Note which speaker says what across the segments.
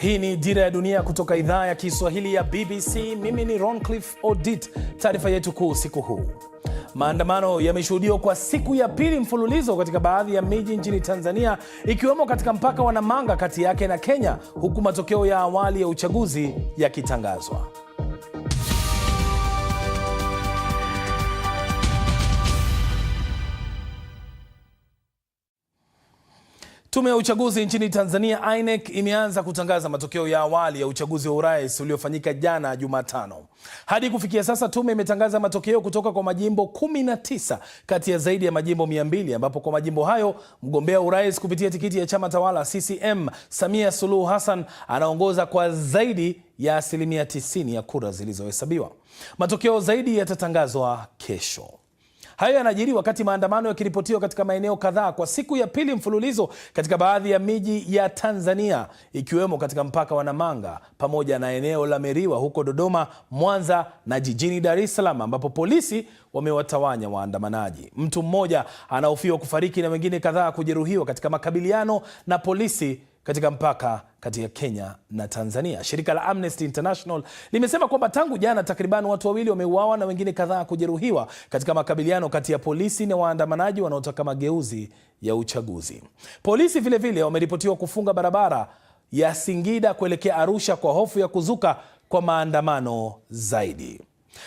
Speaker 1: Hii ni Dira ya Dunia kutoka idhaa ya Kiswahili ya BBC. Mimi ni Roncliff Odit. Taarifa yetu kuu usiku huu, maandamano yameshuhudiwa kwa siku ya pili mfululizo katika baadhi ya miji nchini Tanzania, ikiwemo katika mpaka wa Namanga kati yake na Kenya, huku matokeo ya awali ya uchaguzi yakitangazwa. Tume ya uchaguzi nchini Tanzania INEC imeanza kutangaza matokeo ya awali ya uchaguzi wa urais uliofanyika jana Jumatano. Hadi kufikia sasa, tume imetangaza matokeo kutoka kwa majimbo 19 kati ya zaidi ya majimbo 200 ambapo kwa majimbo hayo mgombea urais kupitia tikiti ya chama tawala CCM Samia Suluhu Hassan anaongoza kwa zaidi ya asilimia 90 ya kura zilizohesabiwa. Matokeo zaidi yatatangazwa kesho. Hayo yanajiri wakati maandamano yakiripotiwa katika maeneo kadhaa kwa siku ya pili mfululizo katika baadhi ya miji ya Tanzania ikiwemo katika mpaka wa Namanga pamoja na eneo la Meriwa huko Dodoma, Mwanza na jijini Dar es Salaam ambapo polisi wamewatawanya waandamanaji. Mtu mmoja anahofiwa kufariki na wengine kadhaa kujeruhiwa katika makabiliano na polisi katika mpaka kati ya Kenya na Tanzania. Shirika la Amnesty International limesema kwamba tangu jana takriban watu wawili wameuawa na wengine kadhaa kujeruhiwa katika makabiliano kati ya polisi na waandamanaji wanaotaka mageuzi ya uchaguzi. Polisi vilevile wameripotiwa kufunga barabara ya Singida kuelekea Arusha kwa hofu ya kuzuka kwa maandamano zaidi.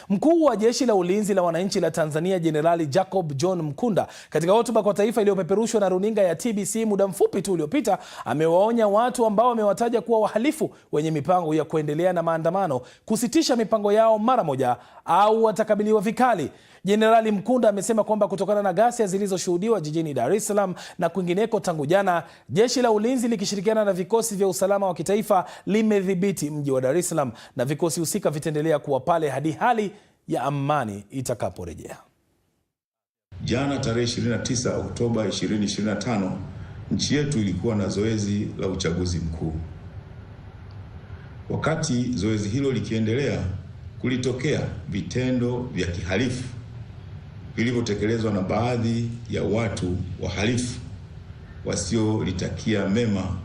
Speaker 1: Mkuu wa Jeshi la Ulinzi la Wananchi la Tanzania Jenerali Jacob John Mkunda, katika hotuba kwa taifa iliyopeperushwa na runinga ya TBC muda mfupi tu uliopita, amewaonya watu ambao wamewataja kuwa wahalifu wenye mipango ya kuendelea na maandamano kusitisha mipango yao mara moja au watakabiliwa vikali. Jenerali Mkunda amesema kwamba kutokana na ghasia zilizoshuhudiwa jijini Dar es Salaam na kwingineko tangu jana, jeshi la ulinzi likishirikiana na vikosi vya usalama wa kitaifa limedhibiti mji wa Dar es Salaam na vikosi husika vitaendelea kuwa pale hadi hali hali ya amani itakaporejea.
Speaker 2: Jana tarehe 29 Oktoba 2025 nchi yetu ilikuwa na zoezi la uchaguzi mkuu. Wakati zoezi hilo likiendelea, kulitokea vitendo vya kihalifu vilivyotekelezwa na baadhi ya watu wahalifu wasiolitakia mema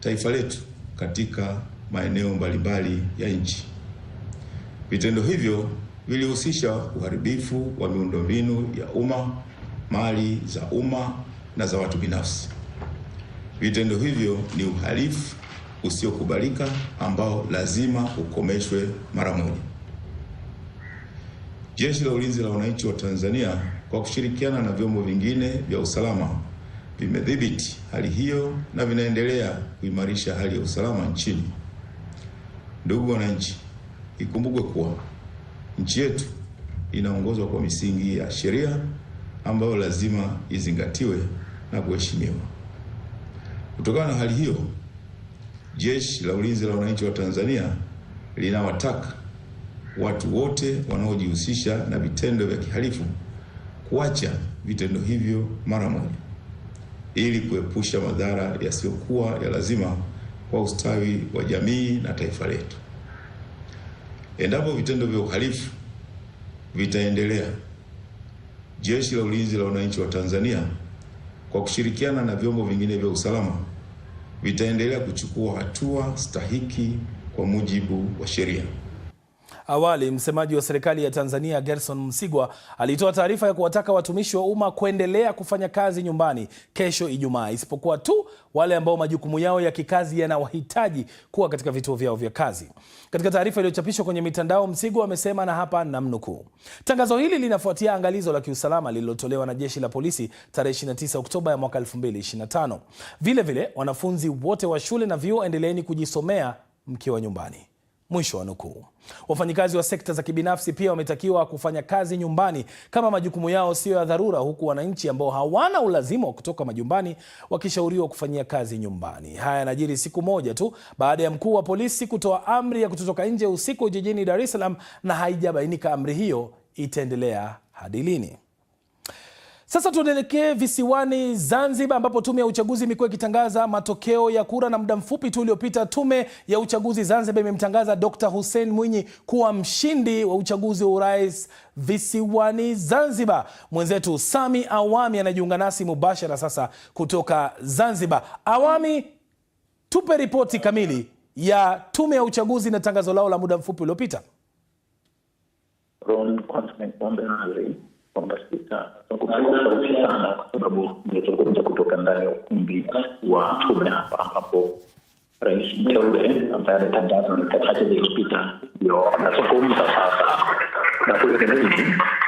Speaker 2: taifa letu katika maeneo mbalimbali ya nchi. Vitendo hivyo vilihusisha uharibifu wa miundombinu ya umma, mali za umma na za watu binafsi. Vitendo hivyo ni uhalifu usiokubalika ambao lazima ukomeshwe mara moja. Jeshi la Ulinzi la Wananchi wa Tanzania kwa kushirikiana na vyombo vingine vya usalama vimedhibiti hali hiyo na vinaendelea kuimarisha hali ya usalama nchini. Ndugu wananchi, Ikumbukwe kuwa nchi yetu inaongozwa kwa misingi ya sheria ambayo lazima izingatiwe na kuheshimiwa. Kutokana na hali hiyo, Jeshi la Ulinzi la Wananchi wa Tanzania linawataka watu wote wanaojihusisha na vitendo vya kihalifu kuacha vitendo hivyo mara moja ili kuepusha madhara yasiyokuwa ya lazima kwa ustawi wa jamii na taifa letu. Endapo vitendo vya uhalifu vitaendelea, Jeshi la Ulinzi la Wananchi wa Tanzania kwa kushirikiana na vyombo vingine vya usalama vitaendelea kuchukua hatua stahiki kwa mujibu wa sheria.
Speaker 1: Awali msemaji wa serikali ya Tanzania Gerson Msigwa alitoa taarifa ya kuwataka watumishi wa umma kuendelea kufanya kazi nyumbani kesho Ijumaa, isipokuwa tu wale ambao majukumu yao ya kikazi yanawahitaji kuwa katika vituo vyao vya kazi. Katika taarifa iliyochapishwa kwenye mitandao, Msigwa amesema na hapa namnukuu, tangazo hili linafuatia angalizo la kiusalama lililotolewa na jeshi la polisi tarehe 29 Oktoba ya mwaka 2025. Vile vile wanafunzi wote wa shule na vyuo endeleeni kujisomea mkiwa nyumbani. Mwisho wa nukuu. Wafanyikazi wa sekta za kibinafsi pia wametakiwa kufanya kazi nyumbani kama majukumu yao siyo ya dharura, huku wananchi ambao hawana ulazima wa kutoka majumbani wakishauriwa kufanyia kazi nyumbani. Haya yanajiri siku moja tu baada ya mkuu wa polisi kutoa amri ya kutotoka nje usiku jijini Dar es Salaam, na haijabainika amri hiyo itaendelea hadi lini. Sasa tuelekee visiwani Zanzibar ambapo tume ya uchaguzi imekuwa ikitangaza matokeo ya kura, na muda mfupi tu uliopita tume ya uchaguzi Zanzibar imemtangaza Dr. Hussein Mwinyi kuwa mshindi wa uchaguzi wa urais visiwani Zanzibar. Mwenzetu Sami Awami anajiunga nasi mubashara sasa kutoka Zanzibar. Awami, tupe ripoti kamili ya tume ya uchaguzi na tangazo lao la muda mfupi uliopita
Speaker 3: wamesikiza tausi sana, kwa sababu nimezungumza kutoka ndani ya ukumbi wa tume hapa ambapo rais mteule ambaye ametangazwa na chache zilizopita ndio anazungumza sasa, na huyo ni mimi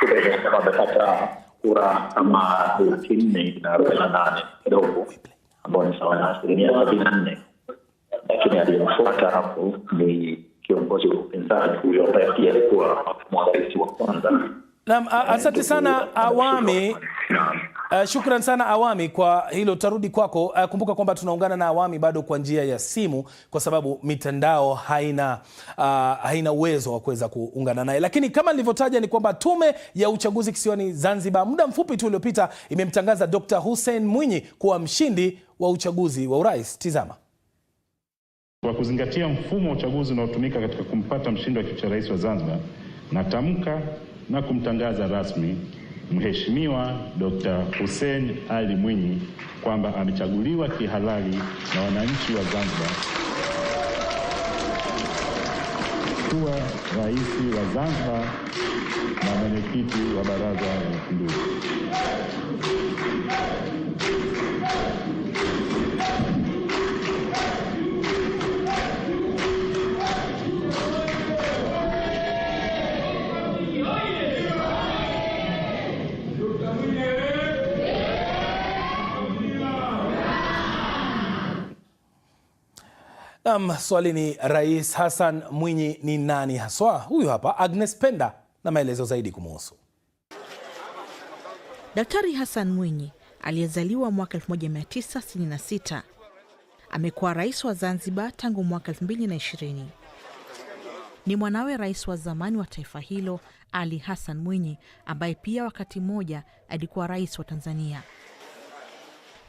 Speaker 3: tumeesema amepata kura kama laki nne na arobaini na nane kidogo, ambao ni sawa na asilimia sabini na nne lakini aliyemfuata hapo ni kiongozi wa upinzani huyo ambaye pia alikuwa mwakilishi wa kwanza
Speaker 1: Naam, asante sana Awami. Uh, shukran sana Awami kwa hilo, tarudi kwako. Uh, kumbuka kwamba tunaungana na Awami bado kwa njia ya simu kwa sababu mitandao haina uh, haina uwezo wa kuweza kuungana naye, lakini kama nilivyotaja ni kwamba tume ya uchaguzi kisiwani Zanzibar muda mfupi tu uliopita imemtangaza Dr. Hussein Mwinyi kuwa mshindi wa uchaguzi wa urais. Tizama.
Speaker 4: Kwa kuzingatia mfumo wa uchaguzi unaotumika katika kumpata mshindi wa kiti cha rais wa Zanzibar, natamka na kumtangaza rasmi Mheshimiwa Dr. Hussein Ali Mwinyi kwamba amechaguliwa kihalali na wananchi wa Zanzibar kuwa rais wa Zanzibar na mwenyekiti wa Baraza la Mapinduzi.
Speaker 1: Nam, swali ni Rais Hassan Mwinyi ni nani haswa? Huyu hapa Agnes Penda na maelezo zaidi kumuhusu.
Speaker 5: Daktari Hassan Mwinyi aliyezaliwa mwaka 1966 amekuwa rais wa Zanzibar tangu mwaka 2020. Ni mwanawe rais wa zamani wa taifa hilo Ali Hassan Mwinyi ambaye pia wakati mmoja alikuwa rais wa Tanzania.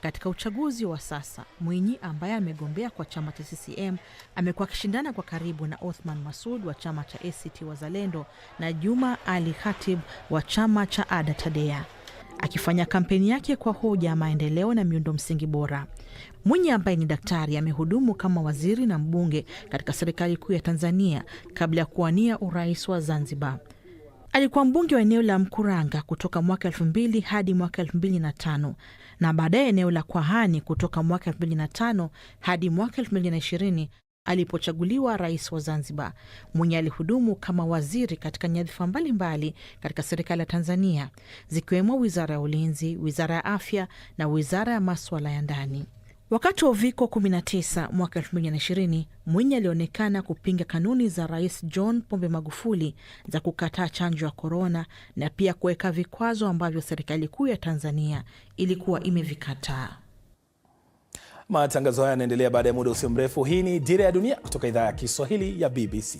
Speaker 5: Katika uchaguzi wa sasa, Mwinyi ambaye amegombea kwa chama cha CCM amekuwa akishindana kwa karibu na Othman Masud wa chama cha ACT Wazalendo na Juma Ali Khatib wa chama cha ADA TADEA akifanya kampeni yake kwa hoja ya maendeleo na miundo msingi bora. Mwinyi ambaye ni daktari amehudumu kama waziri na mbunge katika serikali kuu ya Tanzania kabla ya kuwania urais wa Zanzibar. Alikuwa mbunge wa eneo la Mkuranga kutoka mwaka 2 hadi mwaka elfu na tano na baadaye eneo la Kwahani kutoka mwaka 2005 hadi mwaka 2020 alipochaguliwa rais wa Zanzibar. mwenye alihudumu kama waziri katika nyadhifa mbalimbali katika serikali ya Tanzania, zikiwemo wizara ya ulinzi, wizara ya afya na wizara ya maswala ya ndani. Wakati wa uviko 19 mwaka 2020 Mwinyi alionekana kupinga kanuni za Rais John Pombe Magufuli za kukataa chanjo ya korona na pia kuweka vikwazo ambavyo serikali kuu ya Tanzania ilikuwa imevikataa.
Speaker 1: Matangazo haya yanaendelea baada ya muda usio mrefu. Hii ni Dira ya Dunia kutoka idhaa ya Kiswahili ya BBC.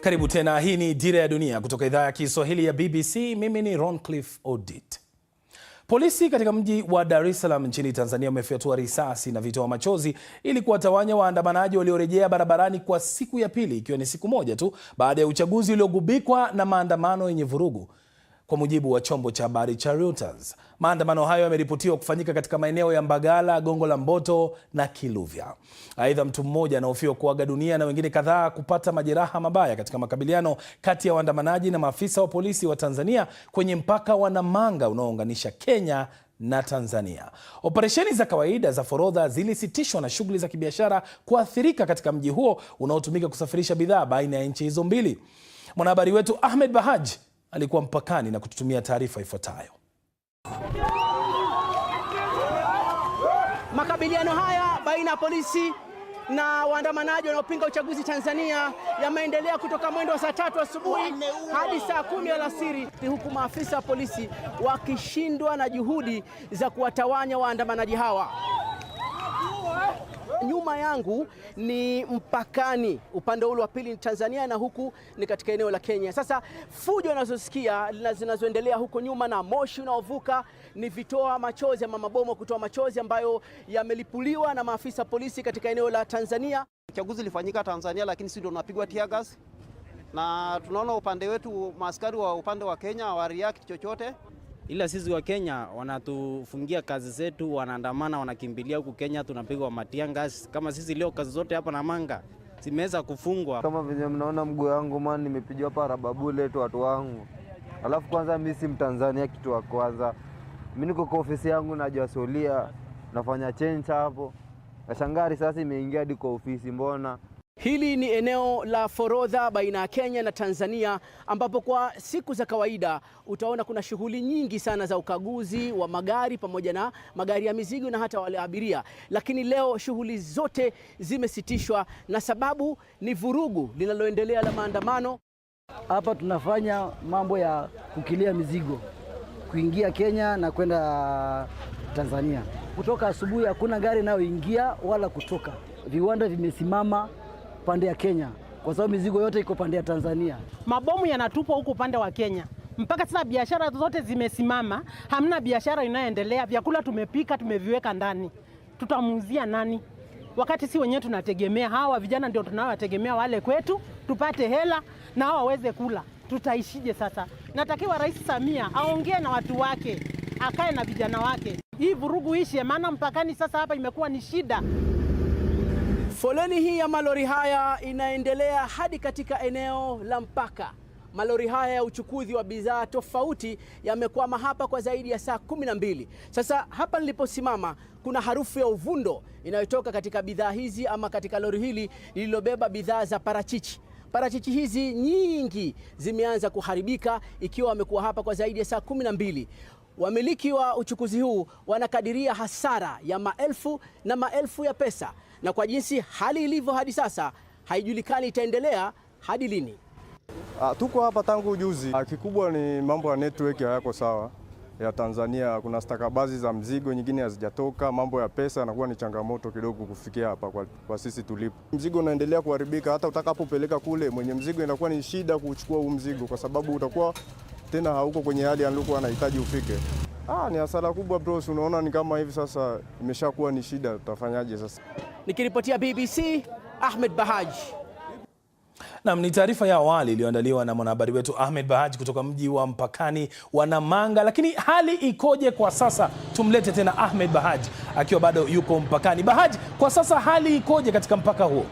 Speaker 1: Karibu tena. Hii ni Dira ya Dunia kutoka idhaa ya Kiswahili ya BBC. Mimi ni roncliff Odit. Polisi katika mji wa Dar es Salaam nchini Tanzania wamefyatua risasi na vitoa machozi ili kuwatawanya waandamanaji waliorejea barabarani kwa siku ya pili, ikiwa ni siku moja tu baada ya uchaguzi uliogubikwa na maandamano yenye vurugu kwa mujibu wa chombo cha habari cha Reuters. Maandamano hayo yameripotiwa kufanyika katika maeneo ya Mbagala, Gongo la Mboto na Kiluvya. Aidha, mtu mmoja anahofiwa kuaga dunia na wengine kadhaa kupata majeraha mabaya katika makabiliano kati ya waandamanaji na maafisa wa polisi wa Tanzania kwenye mpaka wa Namanga unaounganisha Kenya na Tanzania. Operesheni za kawaida za forodha zilisitishwa na shughuli za kibiashara kuathirika katika mji huo unaotumika kusafirisha bidhaa baina ya nchi hizo mbili. Mwanahabari wetu Ahmed Bahaj alikuwa mpakani na kututumia taarifa ifuatayo.
Speaker 6: Makabiliano haya baina ya polisi na waandamanaji wanaopinga uchaguzi Tanzania yameendelea kutoka mwendo wa saa tatu asubuhi hadi saa kumi alasiri huku maafisa wa polisi wakishindwa na juhudi za kuwatawanya waandamanaji hawa nyuma yangu ni mpakani, upande ule wa pili ni Tanzania na huku ni katika eneo la Kenya. Sasa fujo unazosikia zinazoendelea huko nyuma na moshi unaovuka ni vitoa machozi ama mabomu kutoa machozi ambayo yamelipuliwa na maafisa polisi katika eneo la Tanzania.
Speaker 7: Uchaguzi ulifanyika Tanzania, lakini sisi ndio tunapigwa tiagas, na tunaona upande wetu maaskari wa upande wa Kenya react chochote
Speaker 8: ila sisi wa Kenya wanatufungia kazi zetu, wanaandamana, wanakimbilia huku Kenya, tunapigwa matiangasi kama sisi. Leo kazi zote hapa Namanga zimeweza kufungwa.
Speaker 9: Kama venye mnaona mguu wangu man, nimepijwa hapa rababule tu watu wangu. Alafu kwanza mimi si Mtanzania kitu wa kwanza, mimi niko kwa ofisi yangu, najua nafanya change hapo. Nashangaa risasi imeingia hadi kwa ofisi, mbona
Speaker 6: Hili ni eneo la forodha baina ya Kenya na Tanzania ambapo kwa siku za kawaida utaona kuna shughuli nyingi sana za ukaguzi wa magari pamoja na magari ya mizigo na hata wale abiria, lakini leo shughuli zote zimesitishwa na sababu ni vurugu linaloendelea la maandamano.
Speaker 10: Hapa tunafanya mambo ya kukilia mizigo kuingia Kenya na kwenda Tanzania. Kutoka asubuhi hakuna gari inayoingia wala kutoka, viwanda vimesimama pande ya Kenya kwa sababu mizigo yote iko pande ya Tanzania.
Speaker 11: Mabomu yanatupwa huko upande wa Kenya mpaka sasa biashara zote zimesimama, hamna biashara inayoendelea. Vyakula tumepika tumeviweka ndani, tutamuuzia nani wakati si wenyewe tunategemea? Hawa vijana ndio tunawategemea wale kwetu, tupate hela na hawa waweze kula, tutaishije sasa? Natakiwa Rais Samia aongee na watu wake, akae na vijana wake, hii vurugu ishe, maana mpakani sasa hapa imekuwa ni shida.
Speaker 6: Foleni hii ya malori haya inaendelea hadi katika eneo la mpaka. Malori haya ya uchukuzi wa bidhaa tofauti yamekwama hapa kwa zaidi ya saa kumi na mbili. Sasa hapa niliposimama kuna harufu ya uvundo inayotoka katika bidhaa hizi ama katika lori hili lililobeba bidhaa za parachichi. Parachichi hizi nyingi zimeanza kuharibika ikiwa wamekuwa hapa kwa zaidi ya saa kumi na mbili. Wamiliki wa uchukuzi huu wanakadiria hasara ya maelfu na maelfu ya pesa na kwa jinsi hali ilivyo hadi sasa haijulikani itaendelea hadi lini.
Speaker 12: A, ah, tuko hapa tangu juzi. Ah, kikubwa ni mambo ya network hayako sawa ya Tanzania. Kuna stakabazi za mzigo nyingine hazijatoka, mambo ya pesa yanakuwa ni changamoto kidogo kufikia hapa kwa, kwa sisi tulipo. Mzigo unaendelea kuharibika, hata utakapopeleka kule mwenye mzigo inakuwa ni shida kuchukua huu mzigo, kwa sababu utakuwa tena hauko kwenye hali aliokuwa anahitaji ufike. Ah, ni hasara kubwa bros, unaona ni kama hivi sasa imeshakuwa ni shida, tutafanyaje sasa?
Speaker 6: Nikiripotia BBC Ahmed Bahaj.
Speaker 1: Nam, ni taarifa ya awali iliyoandaliwa na mwanahabari wetu Ahmed bahaj kutoka mji wa mpakani wa Namanga. Lakini hali ikoje kwa sasa? Tumlete tena Ahmed bahaj akiwa bado yuko mpakani. bahaj kwa sasa hali ikoje katika mpaka huo?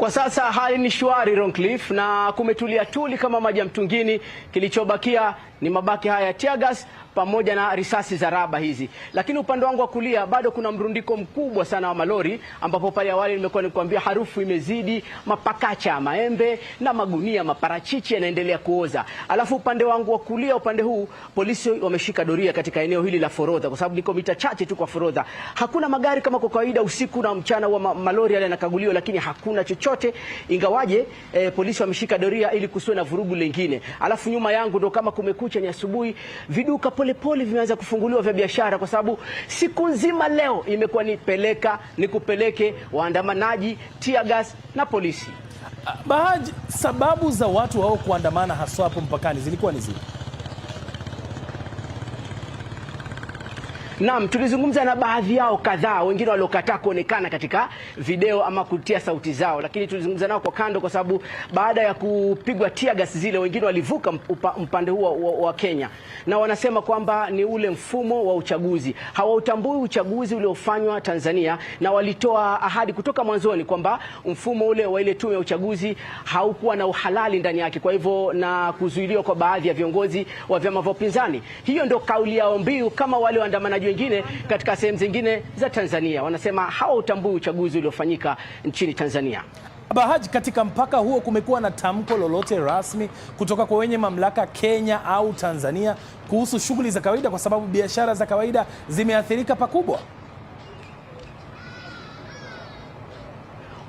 Speaker 6: Kwa sasa hali ni shwari Roncliffe, na kumetulia tuli kama maji ya mtungini. Kilichobakia ni mabaki haya ya tear gas pamoja na risasi za raba hizi. Lakini upande wangu wa kulia bado kuna mrundiko mkubwa sana wa malori, ambapo pale awali nimekuwa nikwambia harufu imezidi, mapakacha ya maembe na magunia maparachichi yanaendelea kuoza. Alafu upande wangu wa kulia, upande huu polisi wameshika doria katika eneo hili la Forodha, kwa sababu niko mita chache tu kwa Forodha. Hakuna magari kama kwa kawaida usiku na mchana, wa malori yale yanakaguliwa, lakini hakuna chochote ingawaje, eh, polisi wameshika doria ili kusiwe na vurugu lingine. Alafu nyuma yangu ndo kama kumekucha kucha ni asubuhi, viduka polepole vimeanza kufunguliwa vya biashara, kwa sababu siku nzima leo imekuwa ni peleka ni kupeleke, waandamanaji, gas na polisi.
Speaker 1: Ah, ah, Bahaji, sababu za watu hao kuandamana haswa hapo mpakani zilikuwa ni zipi?
Speaker 6: Naam, tulizungumza na baadhi yao kadhaa, wengine waliokataa kuonekana katika video ama kutia sauti zao, lakini tulizungumza nao kwa kando, kwa sababu baada ya kupigwa gas zile, wengine walivuka upande huo wa, wa Kenya na wanasema kwamba ni ule mfumo wa uchaguzi, hawautambui uchaguzi uliofanywa Tanzania, na walitoa ahadi kutoka mwanzoni kwamba mfumo ule wa ile tume ya uchaguzi haukuwa na uhalali ndani yake, kwa hivyo na kuzuiliwa kwa baadhi ya viongozi wa vyama vya upinzani. Hiyo ndio kauli yao mbiu kama wale waandamanaji vingine katika sehemu zingine za Tanzania. Wanasema hawautambui uchaguzi uliofanyika nchini Tanzania.
Speaker 1: Bahaji, katika mpaka huo kumekuwa na tamko lolote rasmi kutoka kwa wenye mamlaka Kenya au Tanzania kuhusu shughuli za kawaida, kwa sababu biashara za kawaida zimeathirika pakubwa?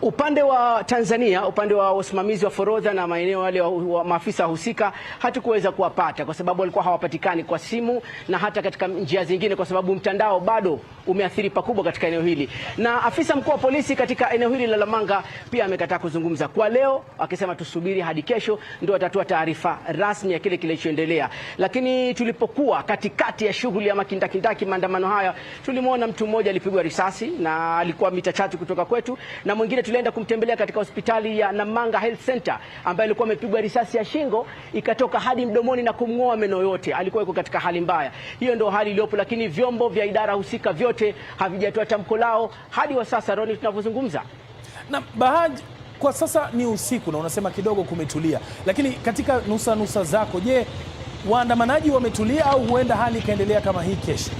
Speaker 6: Upande wa Tanzania, upande wa usimamizi wa forodha na maeneo yale wa maafisa husika, hatukuweza kuwapata kwa sababu walikuwa hawapatikani kwa simu na hata katika njia zingine, kwa sababu mtandao bado umeathiri pakubwa katika eneo hili. Na afisa mkuu wa polisi katika eneo hili la Lamanga pia amekataa kuzungumza kwa leo, akisema tusubiri hadi kesho ndio atatoa taarifa rasmi ya kile kilichoendelea. Lakini tulipokuwa katikati ya shughuli ya makindakindaki maandamano haya, tulimwona mtu mmoja alipigwa risasi na alikuwa mita chache kutoka kwetu na mwingine tulienda kumtembelea katika hospitali ya Namanga Health Center ambaye alikuwa amepigwa risasi ya shingo ikatoka hadi mdomoni na kumng'oa meno yote, alikuwa yuko katika hali mbaya. Hiyo ndio hali iliyopo, lakini vyombo vya idara husika vyote havijatoa tamko lao hadi wa sasa, Roni, tunavyozungumza
Speaker 1: na Bahaji kwa sasa ni usiku na unasema kidogo kumetulia, lakini katika nusa nusa zako, je, waandamanaji wametulia au huenda hali ikaendelea kama hii kesho?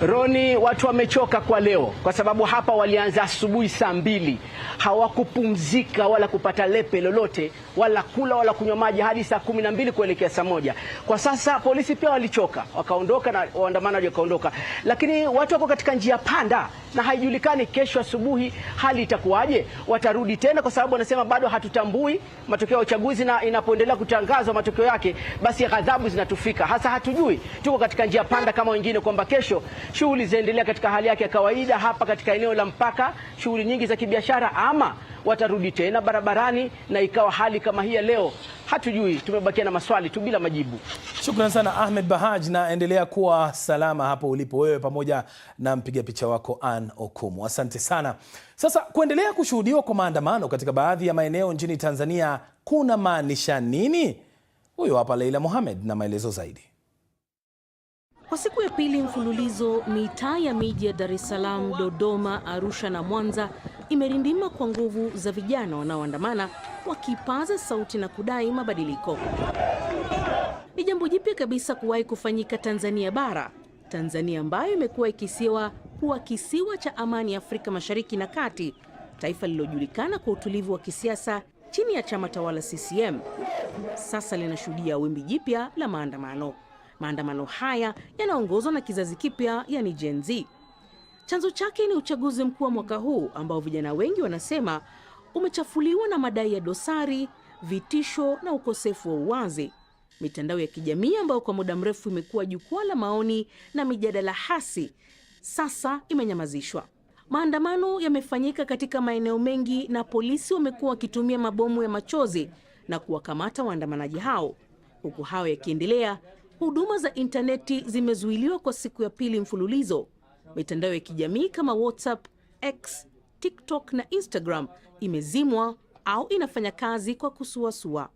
Speaker 6: Roni, watu wamechoka kwa leo, kwa sababu hapa walianza asubuhi saa mbili, hawakupumzika wala kupata lepe lolote wala kula wala kunywa maji hadi saa kumi na mbili kuelekea saa moja. Kwa sasa polisi pia walichoka, wakaondoka na waandamanaji wakaondoka, lakini watu wako katika njia panda na haijulikani kesho asubuhi hali itakuwaje, watarudi tena, kwa sababu wanasema bado hatutambui matokeo ya uchaguzi, na inapoendelea kutangazwa matokeo yake, basi ghadhabu zinatufika. Hasa hatujui, tuko katika njia panda kama wengine, kwamba kesho shughuli zinaendelea katika hali yake ya kawaida hapa katika eneo la mpaka, shughuli nyingi za kibiashara, ama watarudi tena barabarani na ikawa hali kama hii leo? Hatujui, tumebakia na maswali tu bila majibu.
Speaker 1: Shukran sana Ahmed Bahaj, na endelea kuwa salama hapo ulipo wewe pamoja na mpiga picha wako Ann Okumu, asante sana. Sasa kuendelea kushuhudiwa kwa maandamano katika baadhi ya maeneo nchini Tanzania kuna maanisha nini? Huyo hapa Leila Mohamed na maelezo zaidi.
Speaker 5: Kwa siku ya pili mfululizo, mitaa ya miji ya Dar es Salaam, Dodoma, Arusha na Mwanza imerindima kwa nguvu za vijana wanaoandamana wakipaza sauti na kudai mabadiliko. Ni jambo jipya kabisa kuwahi kufanyika Tanzania bara, Tanzania ambayo imekuwa ikisiwa kuwa kisiwa cha amani Afrika Mashariki na Kati, taifa lililojulikana kwa utulivu wa kisiasa chini ya chama tawala CCM, sasa linashuhudia wimbi jipya la maandamano. Maandamano haya yanaongozwa na kizazi kipya, yani Gen Z. Chanzo chake ni uchaguzi mkuu wa mwaka huu ambao vijana wengi wanasema umechafuliwa na madai ya dosari, vitisho na ukosefu wa uwazi. Mitandao ya kijamii ambayo kwa muda mrefu imekuwa jukwaa la maoni na mijadala hasi, sasa imenyamazishwa. Maandamano yamefanyika katika maeneo mengi na polisi wamekuwa wakitumia mabomu ya machozi na kuwakamata waandamanaji hao. Huku hao yakiendelea, Huduma za intaneti zimezuiliwa kwa siku ya pili mfululizo. Mitandao ya kijamii kama WhatsApp, X, TikTok na Instagram imezimwa au inafanya kazi kwa kusuasua.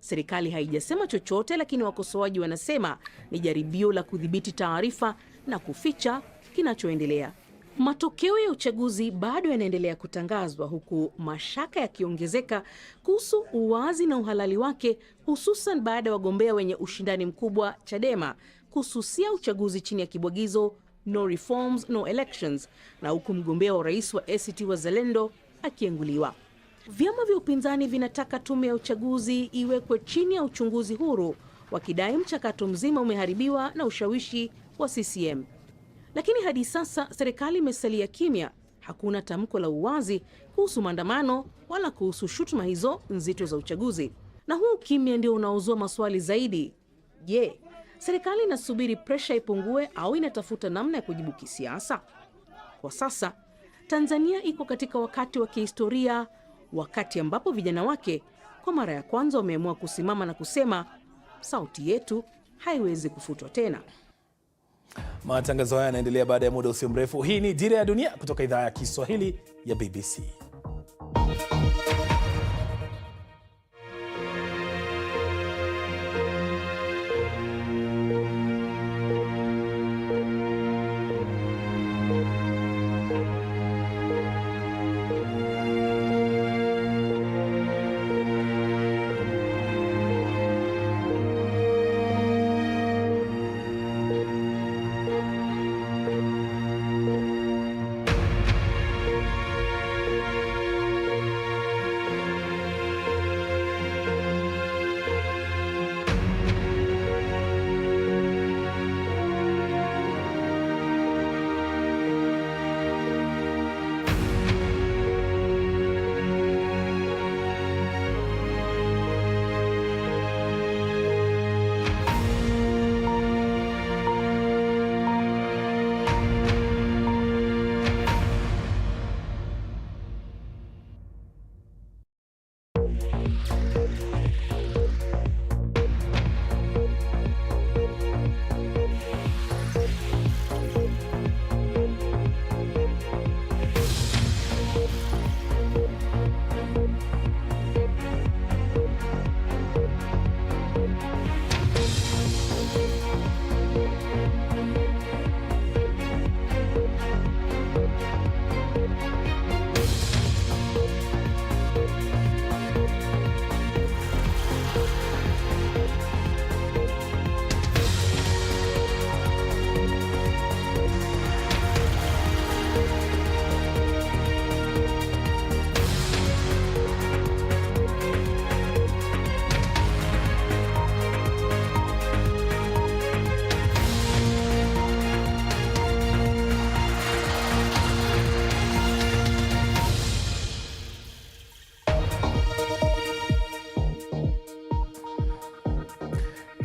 Speaker 5: Serikali haijasema chochote, lakini wakosoaji wanasema ni jaribio la kudhibiti taarifa na kuficha kinachoendelea. Matokeo ya uchaguzi bado yanaendelea kutangazwa huku mashaka yakiongezeka kuhusu uwazi na uhalali wake, hususan baada ya wagombea wenye ushindani mkubwa Chadema kususia uchaguzi chini ya kibwagizo no reforms no elections, na huku mgombea wa urais wa ACT Wazalendo akienguliwa. Vyama vya upinzani vinataka tume ya uchaguzi iwekwe chini ya uchunguzi huru, wakidai mchakato mzima umeharibiwa na ushawishi wa CCM. Lakini hadi sasa serikali imesalia kimya. Hakuna tamko la uwazi kuhusu maandamano wala kuhusu shutuma hizo nzito za uchaguzi, na huu kimya ndio unaozua maswali zaidi. Je, serikali inasubiri presha ipungue au inatafuta namna ya kujibu kisiasa? Kwa sasa Tanzania iko katika wakati wa kihistoria, wakati ambapo vijana wake kwa mara ya kwanza wameamua kusimama na kusema sauti yetu haiwezi kufutwa tena.
Speaker 1: Matangazo haya yanaendelea baada ya muda usio mrefu. Hii ni Dira ya Dunia kutoka idhaa ya Kiswahili ya BBC.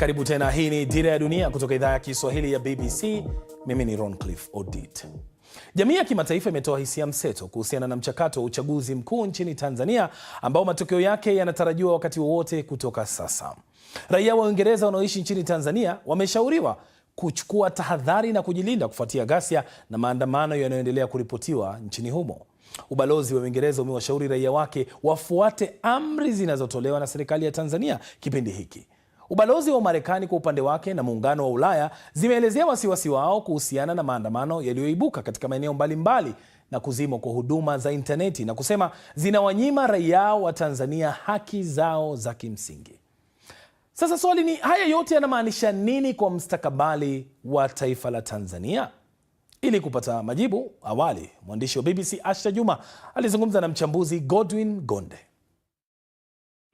Speaker 1: Karibu tena, hii ni Dira ya Dunia kutoka idhaa ya Kiswahili ya BBC. Mimi ni Roncliffe Odit. Jamii ya kimataifa imetoa hisia mseto kuhusiana na mchakato wa uchaguzi mkuu nchini Tanzania ambao matokeo yake yanatarajiwa wakati wowote kutoka sasa. Raia wa Uingereza wanaoishi nchini Tanzania wameshauriwa kuchukua tahadhari na kujilinda kufuatia ghasia na maandamano yanayoendelea kuripotiwa nchini humo. Ubalozi wa Uingereza umewashauri raia wake wafuate amri zinazotolewa na serikali ya Tanzania kipindi hiki. Ubalozi wa marekani kwa upande wake na Muungano wa Ulaya zimeelezea wasiwasi wao kuhusiana na maandamano yaliyoibuka katika maeneo mbalimbali na kuzimwa kwa huduma za intaneti na kusema zinawanyima raia wa Tanzania haki zao za kimsingi. Sasa swali ni haya yote yanamaanisha nini kwa mstakabali wa taifa la Tanzania? Ili kupata majibu, awali mwandishi wa BBC Asha Juma alizungumza na mchambuzi Godwin Gonde.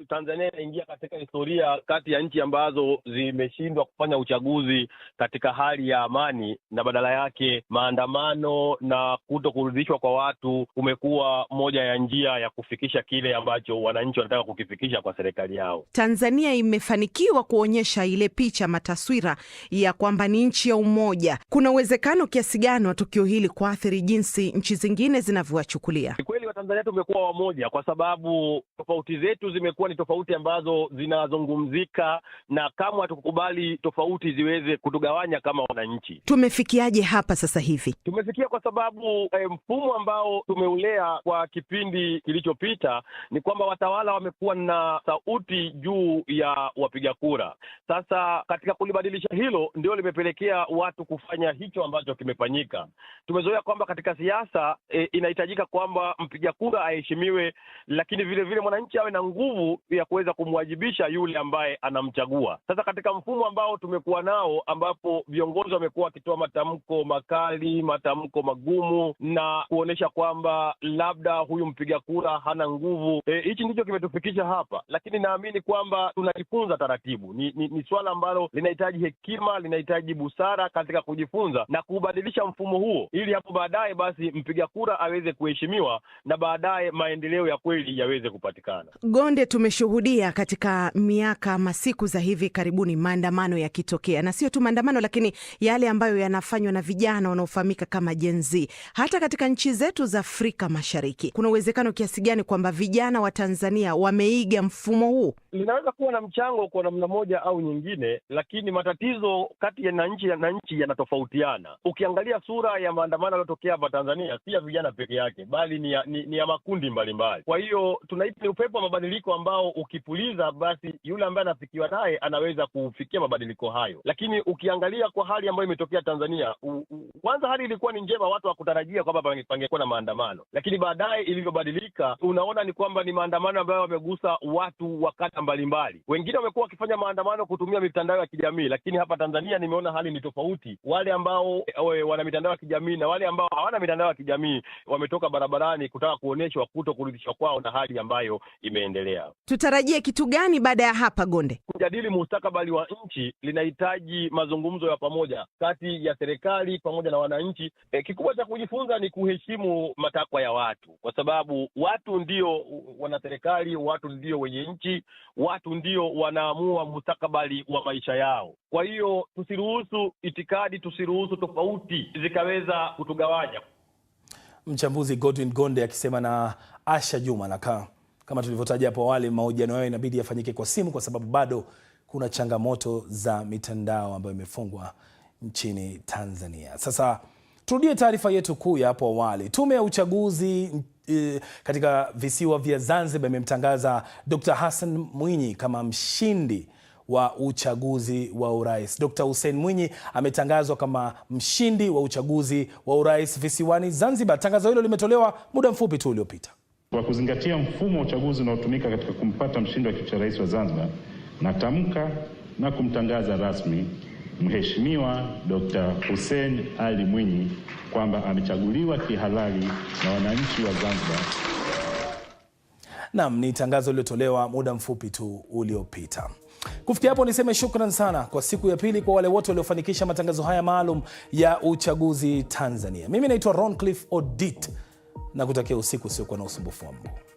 Speaker 13: Tanzania inaingia katika historia kati ya nchi ambazo zimeshindwa kufanya uchaguzi katika hali ya amani, na badala yake maandamano na kuto kurudhishwa kwa watu kumekuwa moja ya njia ya kufikisha kile ambacho wananchi wanataka kukifikisha kwa serikali yao.
Speaker 5: Tanzania imefanikiwa kuonyesha ile picha mataswira ya kwamba ni nchi ya umoja. Kuna uwezekano kiasi gani wa tukio hili kuathiri jinsi nchi zingine zinavyowachukulia?
Speaker 13: Kweli Watanzania tumekuwa wamoja kwa sababu tofauti zetu zimekuwa zimekuwa ni tofauti ambazo zinazungumzika, na kamwe hatukukubali tofauti ziweze kutugawanya kama wananchi.
Speaker 5: Tumefikiaje hapa sasa hivi?
Speaker 13: Tumefikia kwa sababu eh, mfumo ambao tumeulea kwa kipindi kilichopita ni kwamba watawala wamekuwa na sauti juu ya wapiga kura. Sasa katika kulibadilisha hilo, ndio limepelekea watu kufanya hicho ambacho kimefanyika. Tumezoea kwamba katika siasa eh, inahitajika kwamba mpiga kura aheshimiwe, lakini vilevile mwananchi awe na nguvu sababu ya kuweza kumwajibisha yule ambaye anamchagua. Sasa katika mfumo ambao tumekuwa nao, ambapo viongozi wamekuwa wakitoa matamko makali, matamko magumu na kuonyesha kwamba labda huyu mpiga kura hana nguvu, e, hichi e, ndicho kimetufikisha hapa, lakini naamini kwamba tunajifunza taratibu. Ni, ni, ni swala ambalo linahitaji hekima, linahitaji busara katika kujifunza na kubadilisha mfumo huo, ili hapo baadaye basi mpiga kura aweze kuheshimiwa na baadaye maendeleo ya kweli yaweze kupatikana.
Speaker 5: Gonde tume tumeshuhudia katika miaka masiku za hivi karibuni maandamano yakitokea, na sio tu maandamano, lakini yale ambayo yanafanywa na vijana wanaofahamika kama jenzi Hata katika nchi zetu za Afrika Mashariki, kuna uwezekano kiasi gani kwamba vijana wa Tanzania wameiga mfumo huu?
Speaker 13: Linaweza kuwa na mchango kwa namna moja au nyingine, lakini matatizo kati ya nchi na nchi yanatofautiana. Ukiangalia sura ya maandamano yaliyotokea hapa Tanzania si ya vijana peke yake, bali ni ya, ni, ni ya makundi mbalimbali mbali. Kwa hiyo tunaita ni upepo wa mabadiliko ambao ambao ukipuliza, basi yule ambaye anafikiwa naye anaweza kufikia mabadiliko hayo. Lakini ukiangalia kwa hali ambayo imetokea Tanzania, kwanza hali ilikuwa ni njema, watu hawakutarajia kwamba pangekuwa na maandamano, lakini baadaye ilivyobadilika, unaona ni kwamba ni maandamano ambayo wamegusa watu wa kata mbalimbali. Wengine wamekuwa wakifanya maandamano kutumia mitandao ya kijamii, lakini hapa Tanzania nimeona hali ni tofauti. Wale ambao we, wana mitandao ya kijamii na wale ambao hawana mitandao ya kijamii wametoka barabarani kutaka kuonyeshwa kuto kuridhishwa kwao na hali ambayo imeendelea.
Speaker 5: Tutarajie kitu gani baada ya hapa Gonde?
Speaker 13: Kujadili mustakabali wa nchi linahitaji mazungumzo ya pamoja kati ya serikali pamoja na wananchi. E, kikubwa cha kujifunza ni kuheshimu matakwa ya watu, kwa sababu watu ndio wana serikali, watu ndio wenye nchi, watu ndio wanaamua mustakabali wa maisha yao. Kwa hiyo tusiruhusu itikadi, tusiruhusu tofauti zikaweza kutugawanya.
Speaker 1: Mchambuzi Godwin Gonde akisema na Asha Juma nakaa kama tulivyotaja hapo awali, mahojiano yao inabidi yafanyike kwa simu kwa sababu bado kuna changamoto za mitandao ambayo imefungwa nchini Tanzania. Sasa turudie taarifa yetu kuu ya hapo awali. Tume ya uchaguzi e, katika visiwa vya Zanzibar imemtangaza Dr. Hassan Mwinyi kama mshindi wa uchaguzi wa urais. Dr. Hussein Mwinyi ametangazwa kama mshindi wa uchaguzi wa urais visiwani Zanzibar. Tangazo hilo limetolewa muda mfupi tu uliopita.
Speaker 4: Kwa kuzingatia mfumo wa uchaguzi unaotumika katika kumpata mshindi wa kiti cha rais wa Zanzibar, natamka na kumtangaza rasmi Mheshimiwa Dr. Hussein Ali Mwinyi kwamba amechaguliwa kihalali na wananchi wa Zanzibar.
Speaker 1: Naam, ni tangazo lililotolewa muda mfupi tu uliopita. Kufikia hapo niseme shukran sana kwa siku ya pili kwa wale wote waliofanikisha matangazo haya maalum ya uchaguzi Tanzania. Mimi naitwa Roncliffe Odit na kutakia usiku usiokuwa na usumbufu wa Mungu.